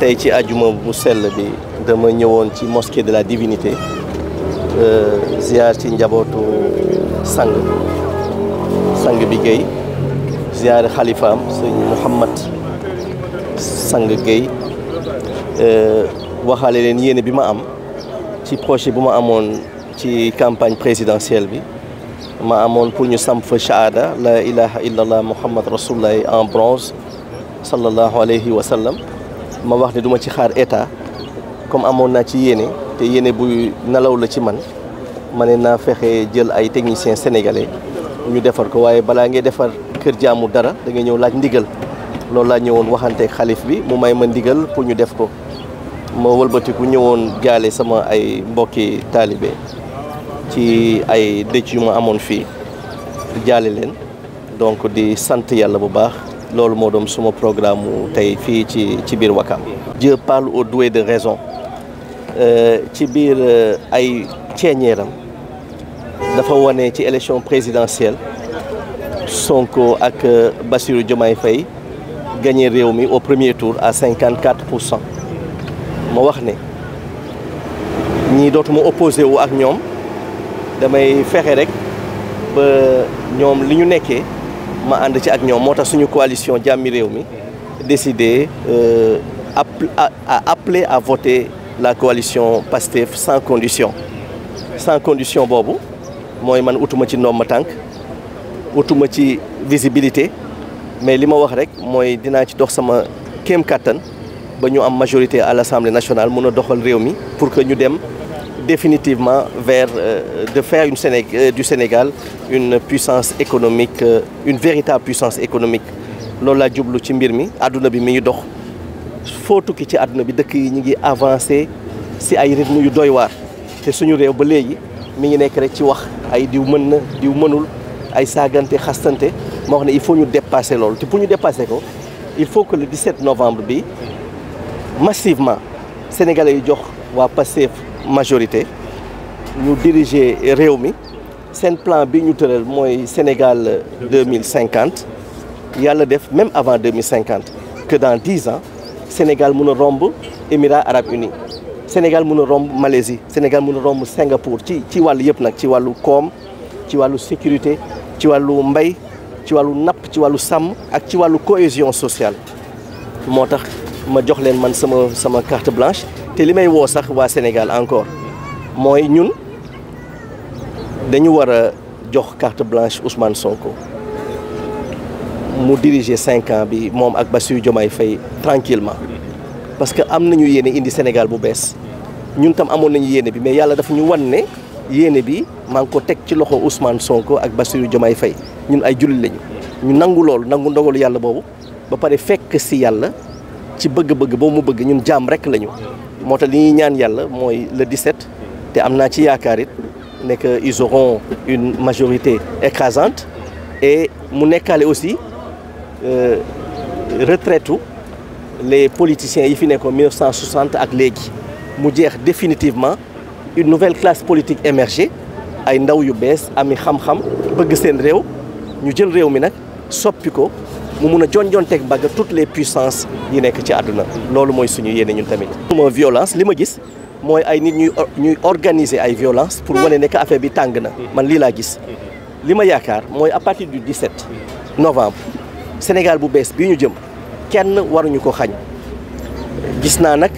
tey ci àjjuma bu sell bi dama ñëwoon ci mosquée de la divinité euh, ziar ci njabootu sang sang bi Guèye ziar xalifaam sëñ Mouhamad sang Guèye euh, waxaale leen yéene bi ma am ci projet bu ma amoon ci campagne présidentielle bi ma amoon pour ñu samp fa shahada la ilaha illallah muhammad rasulullah en bronze sallallahu alayhi wa sallam ma wax ne duma ci xaar état comme amoon naa ci yéene te yéene buy nalaw la ci man ma ne naa fexe jël ay techniciens sénégalais ñu defar ko waaye balaa ngay defar kër jaamu dara da ngay ñëw laaj ndigal loolu laa ñëwoon waxante xalif bi mu may ma ndigal pour ñu def ko ma ku ñëwoon gaale sama ay mbokki taalibe ci ay dëj yu ma amoon fii jaale leen donc di sant yàlla bu baax loolu moo doom suma programme mu tey fii ci ci biir Wakam. Dieu parle au doués de raison euh, ci biir euh, ay ceeñeeram dafa wane ci élection présidentielle Sonko ak euh, Bassirou Diomaye fay gagné réew mi au premier tour à 54 pour cent ma wax ne ñii dootuma opposé wu ak ñoom damay fexe rek ñoom li ñu nekkee. ma ànd ci ak ñoom moo tax suñu coalition jàmmi réew mi décidé euh, à appeler à voter la coalition PASTEF sans condition sans condition boobu mooy man utuma ci ndomba tànk utuma ci visibilité mais li ma wax rek mooy dinaa ci dox sama kéem kàttan ba ñu am majorité à l'Assemblée nationale mun a doxal réew mi pour que ñu dem définitivement vers euh, de faire une Sénég euh, du Sénégal une puissance économique euh, une véritable puissance économique loolu laa jublu ci mbir mi àdduna bi mi ngi dox foo tukki ci adduna bi dëkk yi ñu ngi avancé si ay rythme yu doy waar te suñu réew ba léegi mi ngi nekk rek ci wax ay diw mën na diw mënul ay saagante xastante moo xam ne il faut ñu dépasser loolu te pour ñu dépasser ko il faut que le 17 novembre bi massivement sénégalais yi jox waa Pastef majorité ñu diriger réew mi seen plan bi ñu tëral mooy Sénégal deux mille cinquante yàlla def même avant deux mille cinquante que dans dix Sénégal mun a romb Émirats arabes unis Sénégal mun a romb Malaisie Sénégal mun a romb Singapour ci ci wàllu yëpp nag ci wàllu koom ci wàllu sécurité ci wàllu mbay ci wàllu napp ci wàllu sàmm ak ci wàllu cohésion sociale moo tax ma jox leen man sama sama carte blanche te li may woo sax waa Sénégal encore mooy ñun dañu war a jox carte blanche Ousmane Sonko mu diriger cinq ans bi moom ak Bassirou Diomaye fay tranquillement parce que am nañu yéene indi Sénégal bu bees ñun tam amoon nañu yéene bi mais yàlla dafa ñu wan ne yéene bi maa ko teg ci loxo Ousmane Sonko ak Bassirou Diomaye fay ñun ay jullit lañu ñu nangu loolu nangu ndogalu yàlla boobu ba pare fekk si yàlla ci bëgg-bëgg boobu mu bëgg ñun jaam rek lañu moo tax li ñuy ñaan yàlla mooy le 17 te am naa ci yaakaar it ne que ils auront une majorité écrasante et mu nekkaale aussi euh, retraite les politiciens yi fi nekkoon 1960 ak léegi mu jeex définitivement une nouvelle classe politique émergée ay ndaw yu bees ami xam-xam bëgg seen réew ñu jël réew mi nag soppi ko mu mun a jonjonteeg mbagg toutes les puissances yi nekk ci àdduna loolu mooy suñu yéene ñun tamit. ma violence li ma gis mooy ay nit ñuy ñuy organiser ay violence pour wane nekk que affaire bi tàng na man lii laa gis li ma yaakaar mooy à partir du set novembre Sénégal bu bees bi ñu jëm kenn waruñu ko xañ gis naa nag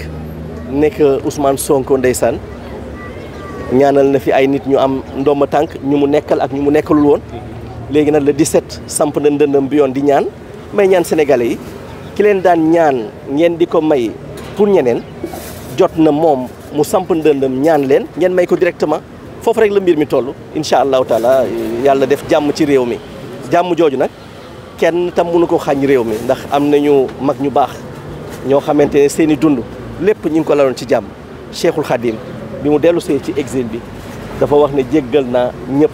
nekk Ousmane Sonko ndeysaan ñaanal na fi ay nit ñu am ndoom ndomba tànk ñu mu nekkal ak ñu mu nekkalul woon léegi nag la le 17 samp na ndëndam bi yoon di ñaan. may ñaan sénégalais yi ki leen daan ñaan ngeen di ko may pour ñeneen jot na moom mu samp ndëndam ñaan leen ngeen may ko directement foofu rek la mbir mi toll incha allahu taala yàlla def jàmm ci réew mi jàmm jooju nag kenn tam mënu ko xañ réew mi ndax am nañu mag ñu baax ñoo xamante ne seen dund lépp ñu ngi ko laloon ci jàmm cheikhul xadim bi mu dellu see ci exil bi dafa wax ne jéggal na ñëpp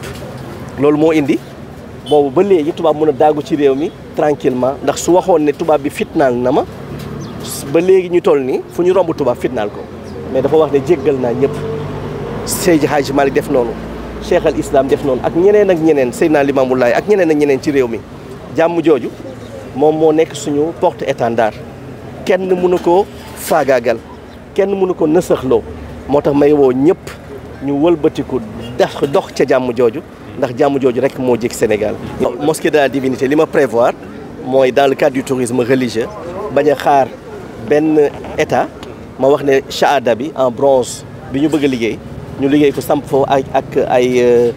loolu moo indi boobu ba léegi tubaab mu a daagu ci réew mi tranquillement ndax su waxoon ne tubaab bi fitnaal na ma ba léegi ñu toll nii fu ñu romb tubaab fitnaal ko mais dafa wax ne jéggal naa ñëpp Seydi Hadji mali def noonu Cheikh al Islam def noonu ak ñeneen ak ñeneen Seydina Limamou Laye ak ñeneen ak ci réew mi jàmm jooju moom moo nekk suñu porte étendard kenn na ko faagaagal kenn na ko nësaxloo moo tax may woo ñëpp ñu wëlbatiku dox dox ca jàmm jooju ndax jàmm jooju rek moo jëkk Sénégal. mosquée de la divinité li ma prévoir mooy dans le cadre du tourisme religieux bañ a xaar benn état ma wax ne shahada bi en bronze bi ñu bëgg liggéey ñu liggéey ku samp foofu ak ak ay euh,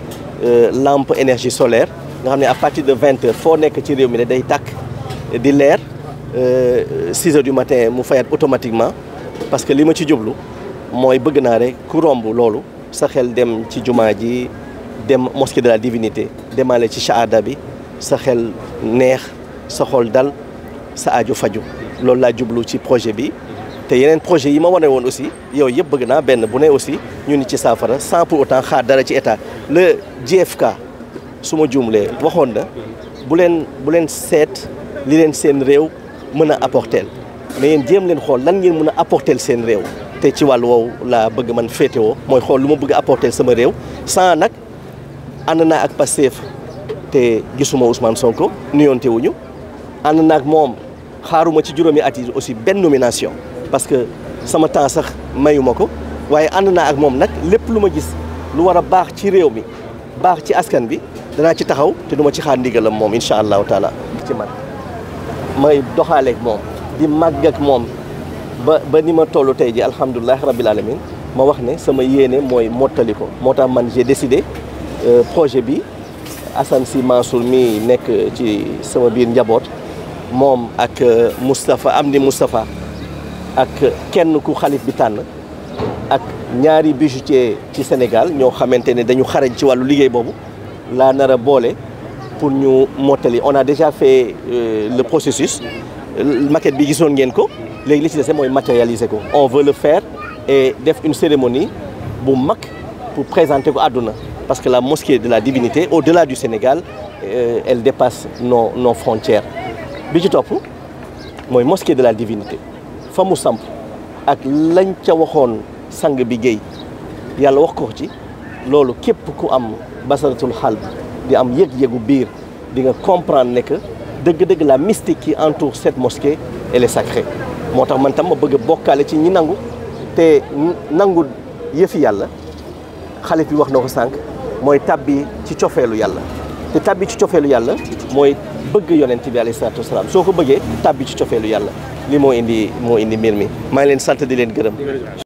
euh, lamp énergie solaire nga xam ne à partir de vingt heures foo nekk ci réew mi ne day tàkk di leer euh, six heures du matin mu fayat automatiquement parce que li ma ci jublu mooy bëgg naa rek ku romb loolu sa xel dem ci jumaa ji. dem mosquée de la divinité demaale ci shahada bi sa xel neex sa xool dal sa ajo faju loolu laa jublu ci projet bi te yeneen projet yi ma wanee woon aussi yow yëpp bëgg naa benn bu ne aussi ñu ni ci saafara sans pour autant xaar dara ci état le JFK su ma juumlee waxoon na bu leen bu leen seet li leen seen réew mën a apporteel mais yéen jéem leen xool lan ngeen mën a apporteel seen réew te ci wàllu wow laa bëgg man féetewoo mooy xool lu ma bëgg apporteel sama réew ànd naa ak Pastef te gisuma Ousmane Sonko nuyonte wuñu ànd naa ak moom xaaruma ci juróomi at aussi benn nomination parce que sama temps sax mayuma ko waaye ànd naa ak moom nag lépp lu ma gis lu war a baax ci réew mi baax ci askan bi danaa ci taxaw te duma ci xaar moom incha allahu taala ci man may doxaaleeg moom di màgg moom ba ba ni ma toll tey ji alhamdulilah rabil alamin ma wax ne sama yéene mooy mottali ko moo tax man jee décidé Euh, projet bi Assane Sy Mansour mi nekk ci sama biir njaboot moom ak euh, Moustapha Amdi Moustapha ak kenn ku xalif bi tànn ak ñaari bijoutier ci Sénégal ñoo xamante ne dañu xarañ ci wàllu liggéey boobu laa nar a boole pour ñu mottali on a déjà fait euh, le processus maquette bi gisoon ngeen ko léegi li ci dese mooy matérialiser ko on veut le faire et def une cérémonie bu mag pour présenter ko àdduna parce que la mosquée de la divinité au-delà du Sénégal euh, elle dépasse nos nos frontières bi ci topp mooy mosquée de la divinité fa mu samp ak lañ ca waxoon sang bi géey yàlla wax ko ci loolu képp ku am basaratul xal di am yëg-yëgu biir di nga comprendre ne que dëgg-dëgg la mystique qui entoure cette mosquée elle est sacré moo tax man tam ma bëgg a bokkaale ci ñi nangu te nangu yëfi yàlla xalif bi wax na ko sànq mooy tàbbi ci cofeelu yàlla te tàbbi ci cofeelu yàlla mooy bëgg yonent bi alayhi salaatu wasalaam soo ko bëggee tàbbi ci cofeelu yàlla ni moo indi moo indi mbir mi maa ngi leen sant di leen gërëm